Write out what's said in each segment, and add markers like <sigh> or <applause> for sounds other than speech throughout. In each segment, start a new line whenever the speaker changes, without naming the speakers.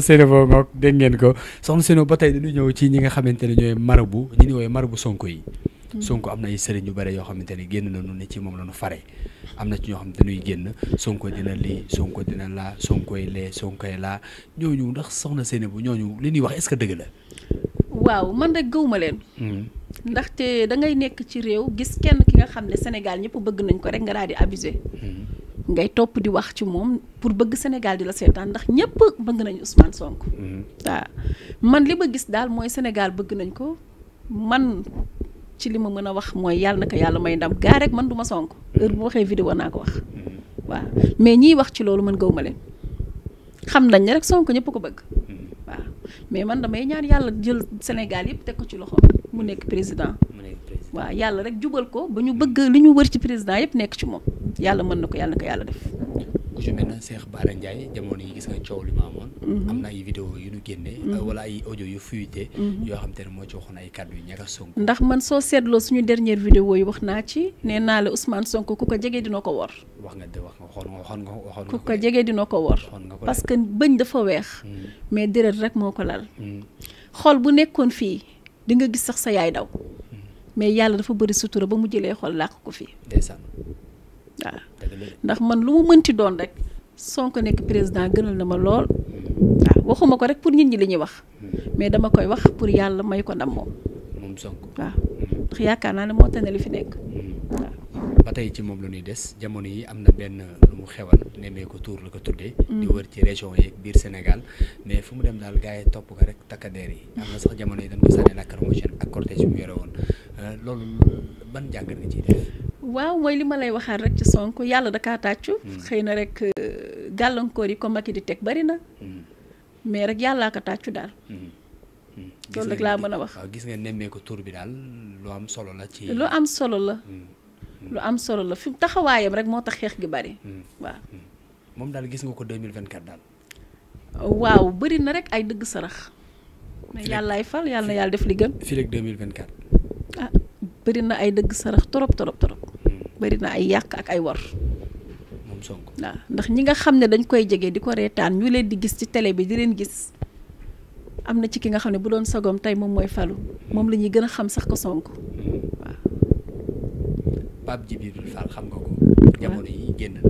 soxna Sénégal ngoog dégg ngeen ko ba tey dañu ñëw ci ñi nga xamante ne ñooy marabu ñi ñooy marabu sonko yi. Mm. sonko am na ay sëriñ yu bëri yoo xamante ne génn nañu ne ci moom la ñu fare am na ci ñoo xamante nuy génn sonko dina lii sonko dina laa sonkoy lee sonkoy laa ñooñu ndax soxna bu Sénégal ñooñu li ñuy wax est-ce que dëgg la.
waaw man de gëwuma leen. Mm. ndaxte dangay nekk ci réew gis kenn ki nga xam ne Sénégal ñëpp bëgg nañ ko rek nga daal di abusé. Mm. ngay topp di wax ci moom pour bëgg Sénégal di la seetaan ndax ñëpp bëgg nañu Ousmane sonk mhm. waaw man li ma gis daal mooy Sénégal bëgg nañ ko man ci li ma mën a wax mooy yàlla na ko yàlla may ndam gaa rek man du ma Sonko mhm. heure bu waxee vidéo naa ko wax. Mhm. waaw mais ñiy wax ci loolu man gaw ma leen xam nañ ne rek Sonko ñëpp ko bëgg. waaw mais man damay ñaan yàlla jël Sénégal yëpp teg ko ci loxo mu nekk président. mu nekk président waaw yàlla rek jubal ko ba ñu bëgg li ñu wër ci président yëpp nekk ci moom. yàlla mën na ko yàlla na ko yàlla def.
ku ci mel ne Cheikh Bara Ndiaye jamono yi gis nga coow li ma amoon. Mhm. am na ay vidéo yu ñu génnee. Mhm. Euh, wala ay audio yu fuité. Mhm. yoo xam te ne moo ci waxoon ay kàddu yu ñàkk Sonko.
ndax man soo seetloo suñu dernière vidéo yi wax naa ci ne naa la Ousmane Sonko ku ko jege dina ko wor.
wax nga de wax nga waxoon nga waxoon nga waxoon ku ko jege dina ko wor. parce que
bëñ dafa weex. mais deret rek moo ko lal. xol bu nekkoon fii di nga gis sax sa yaay daw. mais yàlla dafa bëri sutura ba mu jëlee xol làq ko fii. ndeysaan. waaw ndax man lu mu mënti doon rek Sonko nekk président gënal na ma lool waaw ah, waxuma ko rek pour nit ñi li ñuy wax mais dama koy wax pour yàlla may ko ndam moom. moom Sonko waaw ndax yaakaar naa ne moo te li fi nekk
waaw. Hmm. ba tey ci moom la ñuy des jamono yi am na benn lu mu xewal nemmee ko tuur la ko tuddee. Hmm. di wër ci région yeeg biir Sénégal mais fu mu dem daal gars yi topp ko rek takkadeer yi. am na sax jamono yi dañ ko sànni lacrymogène ak cortège bi mu yore woon euh, loolu ban jàngat nga ciy
waaw mooy li ma lay waxaat rek ci Sonko yàlla dakaa tàccu. Mm. xëy na rek euh, gàllankoor yi ko Macky di teg bari na. Mm. mais rek yàllaa ko tàccu daal. Mm. loolu rek mën a wax.
waaw gis nga nemmeeku tur bi daal lu am solo la ci. lu am
solo la. lu am solo la fi taxawaayam rek moo tax xeex gi bari.
waaw. moom daal gis nga ko 2024 daal.
waaw bëri na rek ay dëgg sarax. mais yàllaay fal yàlla yàlla def li gën.
fii rek 2024.
ah bëri na ay dëgg sarax torop torop torop. bari na ay yàq ak ay wor.
moom Sonko waaw ndax
ñi nga xam ne dañ koy jege di ko reetaan ñu leen di gis ci télé bi di leen gis am na ci ki nga xam ne bu doon sagoom tey moom mooy falu moom la ñuy gën a xam sax ko sonk
hmm. waaw. Pape Djibril Fall xam nga ko. jamono yi génn na.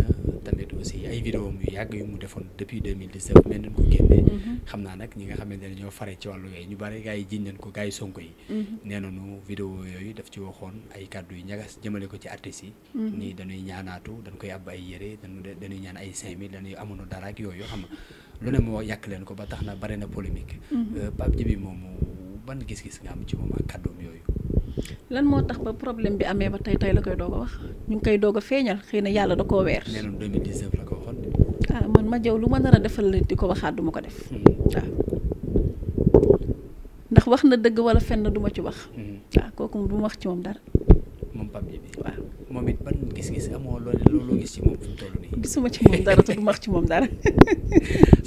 tamit aussi ay vidéo yu yàgg yu mu defoon depuis 2017 mel nañ ko génnee. Mhm. xam naa nag ñi nga xamante ne ñoo fare ci wàllu yooyu ñu bari gars yi jiñ nañ ko gars yi sonko yi. Mhm. nee nañu vidéo yooyu daf ci waxoon ay kàddu yu ñagas jëmale ko ci artistes yi. Mhm. nii dañuy ñaanaatu dañ koy àbb ay yére dañuy ñaan ay 5000 dañuy amoon dara ak yooyu xam nga lu ne moo yàq leen ko ba tax na bare na polémique. Euh, Pape moom moomu ban gis-gis nga am ci moom ak kàddoom yooyu.
lan moo tax ba problème bi amee ba tey tey la koy doog a wax ñu ngi koy doog a feeñal xëy na yàlla da koo weer. nee na
2019 la ko waxoon.
ah man ma jëw lu ma nar a defal la di ko waxaat du ma ko def. waaw hmm. ah. ndax wax na dëgg wala fenn du ma ci wax. waaw hmm. ah, kooku moom du wax ci moom dara.
moom Pape Djiby waaw moom it ban gis-gis amoo loolu ci moom fi mu toll
nii. gisuma ci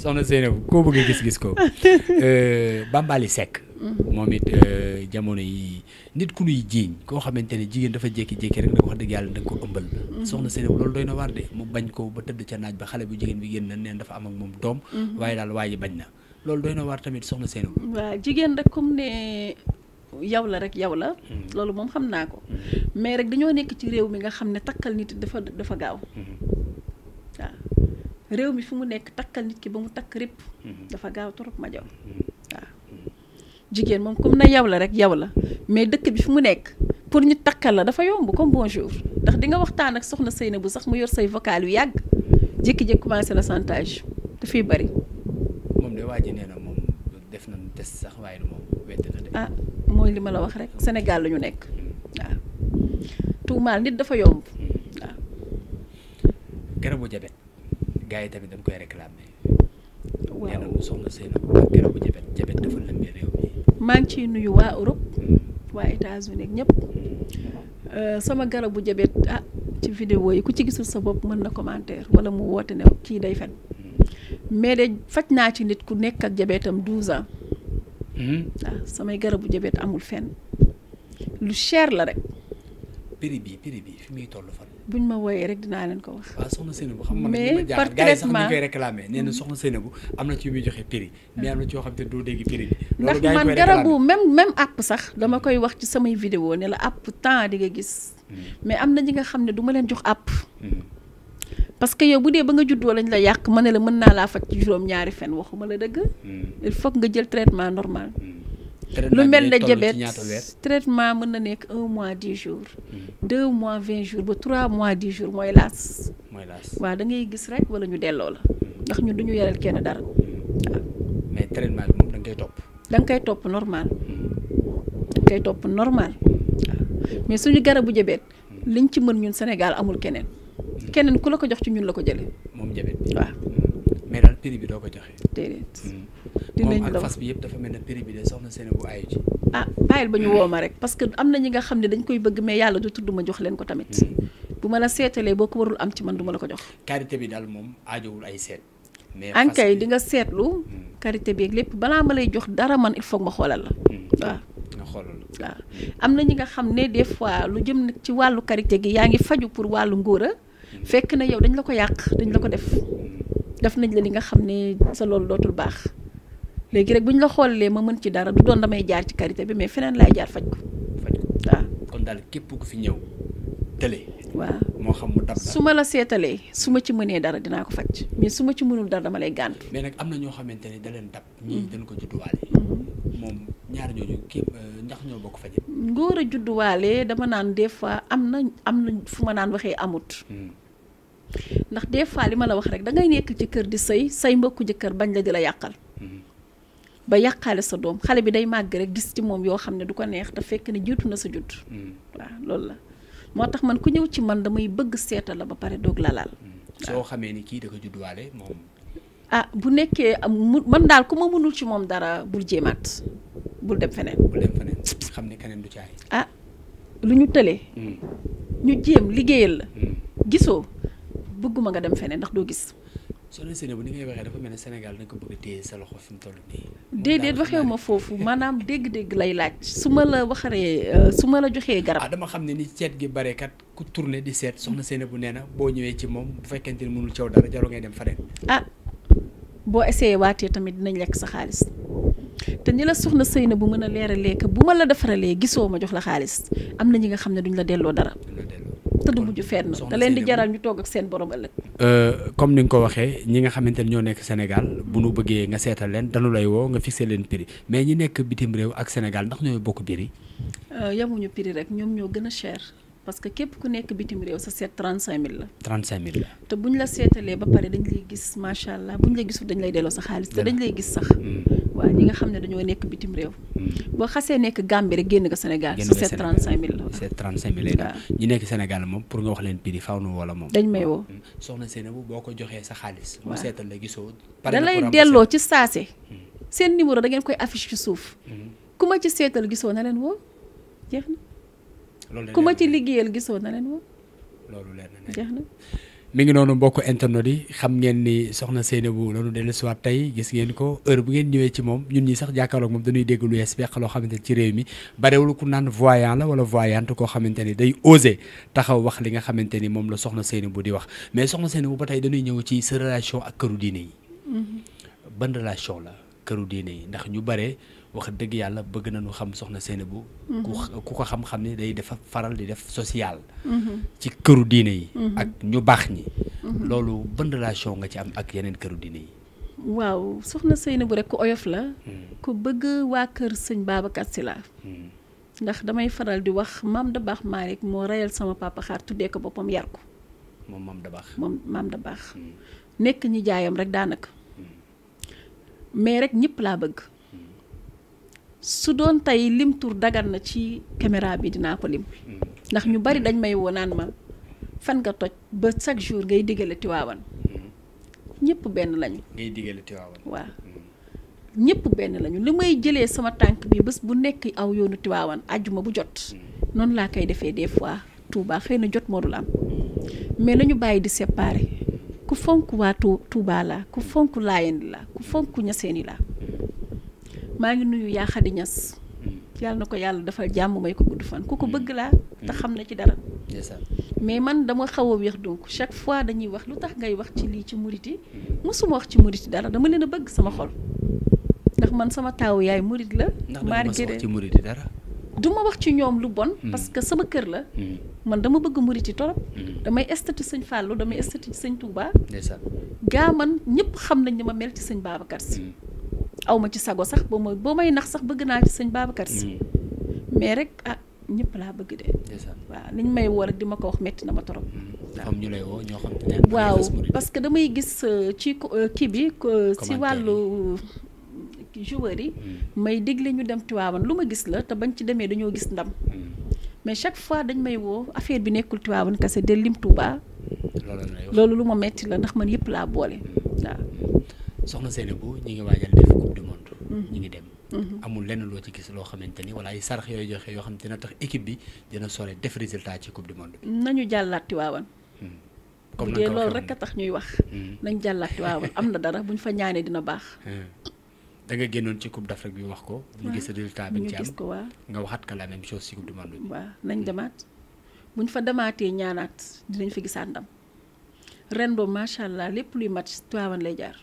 <laughs> soxna Seynabou koo bëgg gis-gis ko <laughs> euh, Bambaly Seck. Mm-hmm. moom it euh, jamono yi nit ku nuy jiiñ koo xamante ne jigéen dafa jékki-jékki rek nag wax dëgg yàlla da nga ko ëmbal mm-hmm. soxna Sénégal na waar de mu bañ ko ba ca naaj ba xale bu jigéen bi génn na neen dafa am moom doom mm-hmm. waaye daal waa ji bañ na loolu doy na waar tamit soxna Sénégal
waaw jigéen rek comme ne yow la rek yow la loolu moom xam naa ko mais rek dañoo nekk ci réew mi nga xam ne takkal nit dafa dafa gaaw réew mi fu mu nekk takkal nit ki ba mu takk répp dafa gaaw trop ma jaw jigéen moom comme na yow la rek yow la mais dëkk bi fi mu nekk pour ñu takkal la dafa yomb comme bonjour ndax di nga waxtaan ak soxna Seyna bu sax mu yor say yu yàgg jékki-jékki commencé la chantage dafay bëri.
moom de waa ji nee na moom def nañu test sax waaye moom wetti ah, mooy li ma la wax rek
Sénégal la ñu nekk waaw tuumaal nit dafa yomb waaw.
garabu jabet gars yi tamit dañ koy réclamer. waaw nee na mu soxna Seyna garabu jabet jabet
dafa lëmbee réew mi. maa ngi ciy nuyu waa Europe waa États-Unis ak ñëpp euh, sama garabu jabet ah ci vidéo yi ku ci gisul sa bopp mën na commentaire wala mu woote ne kii day fen mais de faj naa ci nit ku nekk ak jabetam 12 ans waaw hmm? ah, samay garabu jabet amul fenn lu cher la rek
prix bi prix bi fi muy toll fan.
buñ ma wooyee rek dinaa leen ko wax. waaw soxna Sénébu xam nga man ma jaar gars yi sax ñu koy
réclamé nee na soxna Sénébu am na ci yu muy joxe prix mais am na ci yoo xam te doo dégg prix bi. loolu gars yi koy réclamé ndax man garabu
même même app sax dama koy wax ci samay vidéo ne la app temps di nga gis. Hmm. mais am na ñi nga xam ne du ma leen jox app. Hmm. parce que yow bu dee ba nga juddoo lañ la yàq ma ne la mën naa laa faj ci juróom-ñaari fen waxuma la dëgg. Hmm. il faut nga jël traitement normal.
lu mel ne diabète
traitement mën na nekk un mois dix jour hmm. deux mois vingt jour ba trois mois dix jour mooy laas mooy laas waaw da ngay gis rek wala ñu delloo la hmm. ndax ñun du ñu yoreel kenn dara waaw hmm.
mais traitement bi moom da nga koy topp
da nga koy topp normal da topp normal waaw mais suñu garabu li liñ ci mën ñun Sénégal amul keneen keneen ku la ko jox ci ñun la ko jëlee
moom diabète waaw mais daal prix bi doo ko joxe déedéet dinañ la fas bi yëpp dafa mel ne péri bi de soxna seen bu aayu ci.
ah bàyyil ba ñu woo ma rek parce que am na ñi nga xam ne dañ koy bëgg mais yàlla du tudd ma jox ko tamit. Hmm. bu ma la seetalee boo ko warul am ci man du ma ko jox.
karité bi daal moom aajowul ay seet. mais ankay di
nga seetlu. Hmm. karité bi lépp balaa ma lay jox dara man il ma xoolal la. Hmm. waaw
ah, nga xoolal
la am na ñi nga xam ne des fois lu jëm nag ci wàllu karité gi yaa ngi faju pour wàllu ngóora. fekk na yow dañ la ko yàq dañ la ko def. def nañ la li nga xam ne sa loolu dootul baax. léegi rek bu ñu la xoolee ma mën ci dara du doon damay jaar ci karité bi mais feneen lay jaar faj ko
faj ko kon dal képp ku fi ñëw tële waaw moo xam mu dab su ma la
seetalee su ma ci mënee dara dinaa ko faj mais su ma ci mënul dara dama lay gàntu mais nag am na ñoo xamante ne da leen dab
ñii mm-hmm. dañ ko judduwaale mm-hmm. moom ñaar ñooñu képp euh, ndax ñoo bokk faje
ngóor a judduwaale dama naan des fois am na am na fu ma naan waxee amut mm. ndax des fois li ma la wax rek dangay ngay nekk ci kër di sëy say mbokku jëkkër bañ la di a yàqal mm-hmm. ba yàqaale sa doom xale bi day màgg rek gis ci moom yoo xam ne du ko neex te fekk ni jiitu na sa judd. Mm. waaw loolu la moo tax man ku ñëw ci man damay bëgg seetal la ba pare doog la laal.
Mm. soo xamee ni kii da ko judduwaale moom.
ah bu nekkee mu man daal ku ma mënul ci moom dara bul jéemaat bul dem feneen.
xam ne keneen du caay.
ah lu ñu tëlee. Mm. ñu jéem liggéeyal la. gisoo bëgguma nga dem feneen ndax doo gis.
soxna bu ni ngay waxee dafa mel ne Sénégal na ko bëgg a téye sa loxo fi mu toll
nii. déedéet waxee ma foofu maanaam dégg-dégg lay laaj su ma la waxaree euh, su
ma la joxee garab. ah dama xam ne ni seet gi bare kat ku tourné di seet soxna Seynabou nee na boo ñëwee ci moom bu fekkente ni mënul caw dara jarul ngay dem faneen.
ah boo essayé waatee tamit dinañ lekk sa xaalis te ni la soxna bu mën a leeralee lekk bu ma la defaralee gisoo ma jox la xaalis am na ñi xam ne duñ la delloo dara. tëdd mujj fenn da leen di jaral ñu toog ak seen borom ëllëg.
Euh, comme ni nga ko waxee ñi nga xamante ne ñoo nekk Sénégal bu nu bëggee nga seetal leen dañu lay woo nga fixé leen prix mais ñi nekk bitim réew ak Sénégal ndax ñooy bokk prix yi.
Euh, yamuñu prix rek ñoom ñoo gën a cher parce que képp ku nekk bitim réew sa seet 35000 la.
35000 la
te buñ la seetalee ba pare dañ lay gis macha allah buñ la gisul dañ lay delloo sa xaalis te dañ lay gis sax. Mm. waa ñi nga xam ne dañoo nekk bitim réew. Hmm. boo xasee nekk Gambie rek génn nga Sénégal. génn nga Sénégal si 735 000 la.
735 000 nekk Sénégal moom pour nga wax leen prix faaw na wala moom. dañ may woo. Hmm. soxna boo ko joxee sa xaalis. waaw mu seetal la gisoo. da lay delloo
ci saase. Hmm. seen numéro da koy affice ci suuf. ku ma ci seetal gisoo na leen woo jeex na. loolu ku ma ci liggéeyal gisoo na leen woo.
loolu leer na jeex na. mi ngi noonu mbokk internet yi xam ngeen ni soxna Seynabou loolu dellusiwaat tey gis ngeen ko heure bu ngeen ñëwee ci moom ñun ñi sax jàkkaarloog moom dañuy dégg lu yees beex loo xamante ni ci réew mi barewul ku naan voyant la wala voyante koo xamante ni day ose taxaw wax li nga xamante ni moom la soxna Seynabou di wax mais soxna Seynabou ba tey dañuy ñëw ci sa relation ak këru diine yi mhm. ban relation la këru diine yi ndax ñu bare wax dëgg yàlla bëgg nañu xam soxna Seynabou mm-hmm. ku ko xam-xam ni day def faral di def social mm-hmm. ci këru diine yi mm-hmm. ak ñu baax ñi loolu ban relation nga ci am ak yeneen këru diine yi
waaw soxna Seynabou rek ku oyof la mm. ku bëgg waa kër sëñ Babacar Sy la
mm.
ndax damay faral di wax maam da baax Malick moo reyal sama papa xaar tuddee ko boppam yar
moom maam da baax moom maam da
mm. nekk nijaayam jaayam rek daanaka mais rek ñëpp laa bëgg su doon tey lim tur dagan na ci caméra bi dinaa ko lim ndax ñu bari dañ may wonaan ma fan nga toj ba chaque jour ngay digale Tiwaawan ñëpp benn lañu. ngay mm. benn lañu li may jëlee sama tànk bi bés bu nekk aw yoonu Tiwaawan àjjuma bu jot mm. noonu laa koy defee des fois Touba xëy na jot moo dul am mm. mais nañu bàyyi di séparer ku fonk waa Touba la ku fonk Laayeen la ku fonk Ñaseen la maa ngi nuyu yaa Xadi Ñas mm. yàlla na ko yàlla defal jàmm may ko gudd fan ku ko mm. bëgg laa mm. te xam na ci dara mais man dama xaw a weex donc chaque fois dañuy wax lu tax ngay wax ci lii ci muriti mosuma wax ci muriti dara dama leen a bëgg sama xol ndax man sama taawu yaay murit la maar margéré du ma wax ci ñoom lu bon parce que sama kër la man dama bëgg muriti torop damay estati sëñ Fallou damay estati sëñ Touba gaa man ñëpp xam nañ ni ma mel ci sëñ Babacar Si aw ma ci sago sax boo ma boo may nax sax bëgg naa ci sëñ Babacar si mm. mais rek ah ñëpp laa bëgg de. waaw niñ may woo rek di ma ko wax metti na ma torop mm.
am ñu lay woo ñoo waaw
parce que damay gis euh, ci euh, kii bi si wàllu euh, joueurs yi. Mm. may dégle ñu dem Tiwaawan lu ma gis la te bañ ci demee dañoo gis ndam. mais chaque fois dañ may woo affaire bi nekkul Tiwaawan kese de lim Tuuba. loolu lu ma metti la ndax man yëpp laa boole waaw.
soxna Seynabou ñi ngi waajal def coupe du monde. Mm-hmm. ñi ngi dem. Mm-hmm. amul lenn loo ci gis loo xamante ni wala ay sarax yooyu joxe yoo xam dina tax équipe bi dina sore def résultat ci coupe du monde.
nañu jàllaat Tiwaawan. Hmm. comme nag loolu rek a tax ñuy wax. Hmm. nañ jàllaat Tiwaawan am na dara buñ fa ñaanee dina baax.
Hmm. da nga génnoon ci coupe d'Afrique bi wax ko. mu gis résultat bi ci am nga waxaat ko la même chose ci coupe du monde bi. waaw
nañ demaat buñ fa demaatee ñaanaat dinañ fa gisaat ndam ren boobu macha allah lépp luy lay jaar.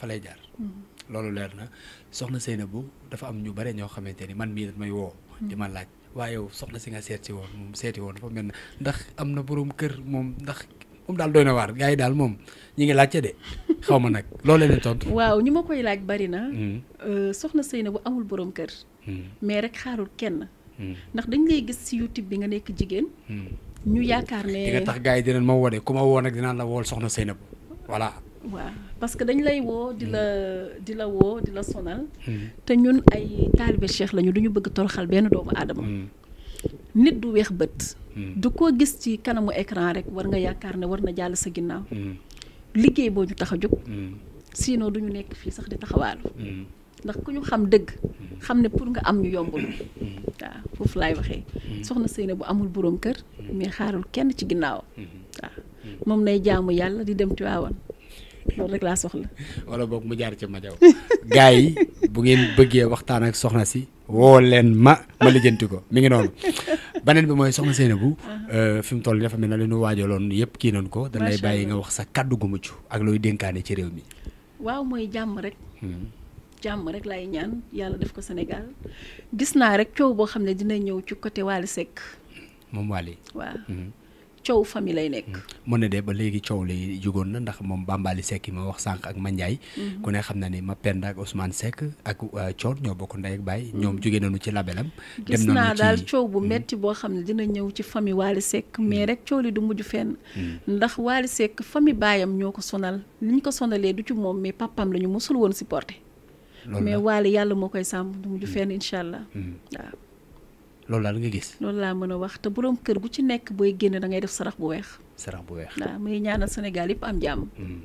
fa lay jaar. loolu leer na soxna Seynabou dafa am ñu bare ñoo xamante ni man mii dañ may woo. di ma laaj waaye yow soxna si nga seet si woon moom seeti woon dafa mel ne ndax na borom kër moom ndax. moom daal doy waar gars yi daal moom ñi ngi laajte de <laughs> xaw ma nag loolu leen tontu.
waaw ñi ma koy laaj bari na. Hmm. Euh, soxna Seynabou amul borom kër. Hmm. mais rek xaarul kenn. Hmm. ndax dañ lay gis ci YouTube bi nga nekk jigéen. ñu yaakaar ne di tax
gaa yi dinañ ma woo de ku ma woo nag dinaa la wool soxna Seynabou voilà.
waaw parce que dañ lay woo di la mm. di la woo di la sonal. Mm. te ñun ay taalibe cheikh lañu ñu bëgg toroxal benn doomu aadama. Mm. nit du weex bët. du ko gis ci kanamu écran rek war nga yaakaar ne war na jàll sa ginnaaw. liggéey boo ñu tax a jóg. sinon du ñu nekk fii sax di taxawaalu. ndax ku ñu xam dëgg. xam ne pour nga am ñu yombul. waaw foofu lay waxee. soxna Seyna bu amul buroom kër. mais xaarul kenn ci ginnaaw.
waaw
moom nay jaamu yàlla di dem Tiwaawan. loolu rek laa soxla. wala boog
mu jaar ci Madiaw. gars yi bu ngeen bëggee waxtaan ak soxna si woo leen ma ma lijjanti ko mi ngi noonu beneen bi mooy soxna Seynabou uh-huh. euh, fi mu toll nii dafa mel ne li ñu waajaloon yëpp kii nañ ko. dañ bàyyi nga wax sa kàddu gu mucc ak looy dénkaane ci réew mi.
waaw mooy jàmm rek. Hmm. jàmm rek lay ñaan yàlla def ko senegal gis naa rek coow boo xam ne dina ñëw ci côté Wally Seck.
moom Wally waaw. Hmm.
coow famille lay nekk.
mu ne de ba léegi coow li jugoon na ndax moom Bambaly Seck yi ma wax sànq ak Mandiaye. Mhm. ko ne xam na ni ne Mapenda ak Ousmane Seck ak euh, Thion ñoo bokk ndey ak baay. ñoom mhm. jóge nañu ci labelam. dem nañu ci gis naa daal
coow bu mhm. metti boo xam ne dina ñëw ci fami Waly sekk mais rek coow li du mujj fenn. ndax Waly sekk famille baayam ñoo ko sonal li ñu ko sonalee du ci moom mais papam la ñu mosul woon supporté. mais Waly yàlla moo koy sàmm du mujj fenn allah loolu daal nga gis. loolu laa mën a wax te borom kër gu ci nekk booy génn dangay ngay def sarax bu weex.
sarax bu weex
waaw muy ñaanal Sénégal yëpp am jàmm. Hmm.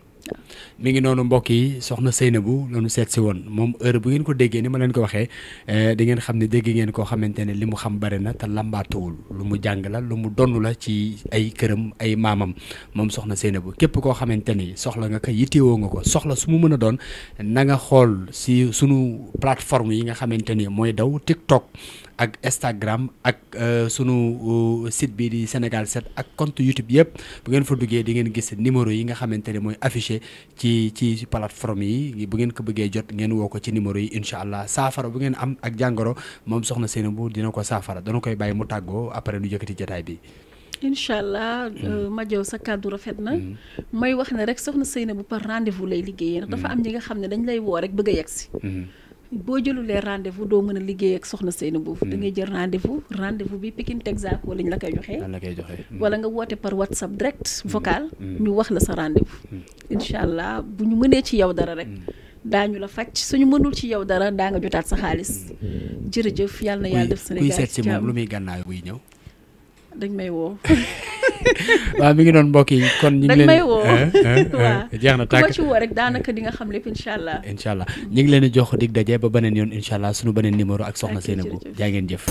mi ngi noonu mbokk yi soxna Seynabou la ñu seet si woon moom heure bu ngeen ko déggee ni ma leen ko waxee eh, di ngeen xam ne dégg ngeen koo ne li mu xam bari na te lu mu jàng lu mu donn la ci ay këram ay maamam moom soxna Seynabou képp koo xamante ni soxla nga ko yittewoo nga ko soxla su mu mën a doon nanga xool si sunu plateforme yi nga xamante ni mooy daw TikTok. ak Instagram ak euh, sunu euh, sit bi di Sénégal 7 ak compte YouTube yëpp bu ngeen fa duggee di ngeen gis numéro yi nga xamante ne mooy affiché ci ci plateforme yi bu ngeen ko bëggee jot ngeen woo ko ci numéro yi incha allah saafara bu ngeen am ak jàngoro moom soxna Seynabou dina ko saafara dana koy bàyyi mu tàggoo après lu jëkkati jotaay bi.
incha allah mm. euh, Madiaw sa kàddu rafet na. Mm. may wax ne rek soxna Seynabou par rendez vous lay liggéeyee. Mm. dafa am ñi nga xam ne dañ lay woo rek bëgg a yegsi. boo jëlulee rendez-vous doo mën a liggéey ak soxna Seynabou hmm. da ngay jël rendez-vous rendez-vous bi Pikine Texaco lañ la koy joxee hmm. wala nga woote par WhatsApp direct hmm. vocal ñu wax la sa rendez-vous allah bu ñu mënee ci yow dara rek daa ñu la faj suñu mënul ci yow dara daa nga jotaat sa xaalis jërëjëf yàlla na yàlla def Sénégal kuy seet si moom lu muy gànnaaw buy ñëw dañ may woo <laughs>
<laughs> waaw mi ngi doon mbokk yi kon ñu ngi leen may woo <laughs> jeex na tàkk ci
woo rek daanaka di nga xam lépp incha allah
incha allah ñi ngi leen di jox dig daje ba beneen yoon incha allah suñu beneen numéro ak soxna Seynabou jaa ngeen jëf